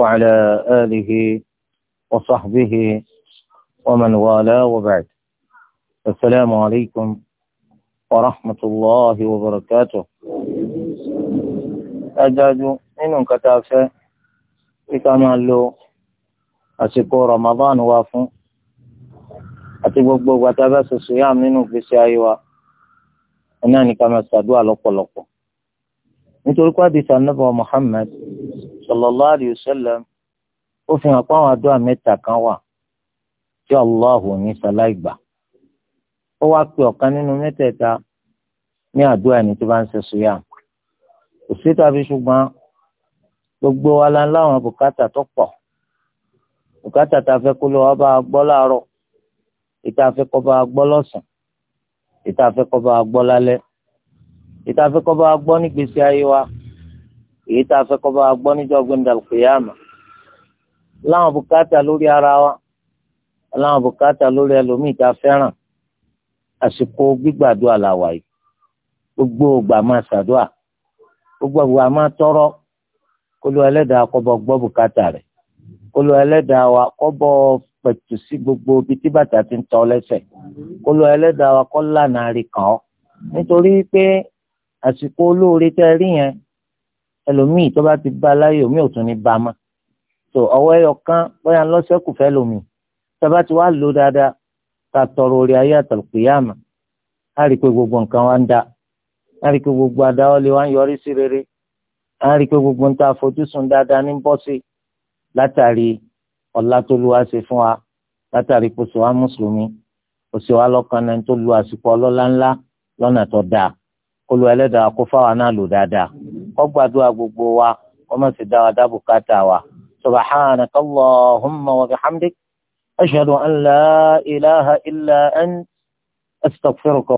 وعلى آله وصحبه ومن والاه وبعد السلام عليكم ورحمة الله وبركاته أجاجو إنهم كتافة كما لو أسكو رمضان وافو àti gbogbo gbàtà bá soso yá nínú ìgbésí ayé wa iná ní ká máa ṣàdúrà lọ́pọ̀lọpọ̀ nítorí pé àdìsá nàbà Muhammad sallallahu alayhi wa sallam ó fi hàn pé àwọn àdúrà mẹ́ta kan wà tí Allahu ní sáláì gbà ó wá pe ọ̀kan nínú mẹ́tẹ̀ẹ̀ta ní àdúrà ẹni tó bá ń ṣe sùúyà kò sí tàbí ṣùgbọ́n gbogbo wa la ń láwọn bùkátà tó pọ̀ bùkátà tá a fẹ́ kó lọ wá bá a gbọ́ láàárọ̀ ìta a fẹ́ kó bá a gbọ́ lọ́sàn ìta a fẹ́ kó bá a gbọ́ lálẹ́ ìta a fẹ́ kó bá a gbọ́ nígbèsí ayé wa èyí tá a fẹ́ kọ́ bá a gbọ́ níjọ́ gbẹ̀ndàlùkìyàmà láwọn bùkátà lórí ara wa láwọn bùkátà lórí ẹlòmíì tá a fẹ́ràn àsìkò gbígbàdúrà làwà yìí gbogbo ògbà máa ṣàdúà gbogbo ògbà máa tọrọ kólú ẹlẹ́dàá kọ́bọ̀ gbọ́ bùkátà rẹ̀ kólú ẹlẹ́dàá wa kọ́bọ̀ pẹ̀tù sí gbogbo ibi tí bàtà ti ń tọ́ lẹ́sẹ̀ kólú ẹlẹ́dàá wa kọ́ lànà àríkàn ọ́ nítorí pé àsìkò olóore tẹ́ rí yẹn ẹlòmíì tó bá ti bá láyé omi ò tún ní bá a mọ́ tó ọwọ́ ẹyọ kan bóyá lọ́sẹ̀kù fẹ́ lomi tọ́ba ti wá lò dáadáa ká tọrọ orí ayé àtàlùkìyàmà á rí i pé gbogbo nǹkan wa ń da á rí i pé gbogbo adáwọlé wa ń yọrí sí rere á rí i pé gbogbo nǹkan àfojúsùn dáadáa ní bọ́ látàrí ọlá tó lu wá fún wa látàrí kò sí wa mùsùlùmí kò sí wa lọ́kàn náà tó lu àsìkò ọlọ́lá ńlá lọ́nà tó dáa kó lu ẹlẹ́dàá kó fáwa náà lò dáadáa kó gbàdúrà gbogbo wa kó má sì dá wa dábò káta wa subhanaka allahumma wa bihamdik ashhadu an la ilaha illa ant astaghfiruka.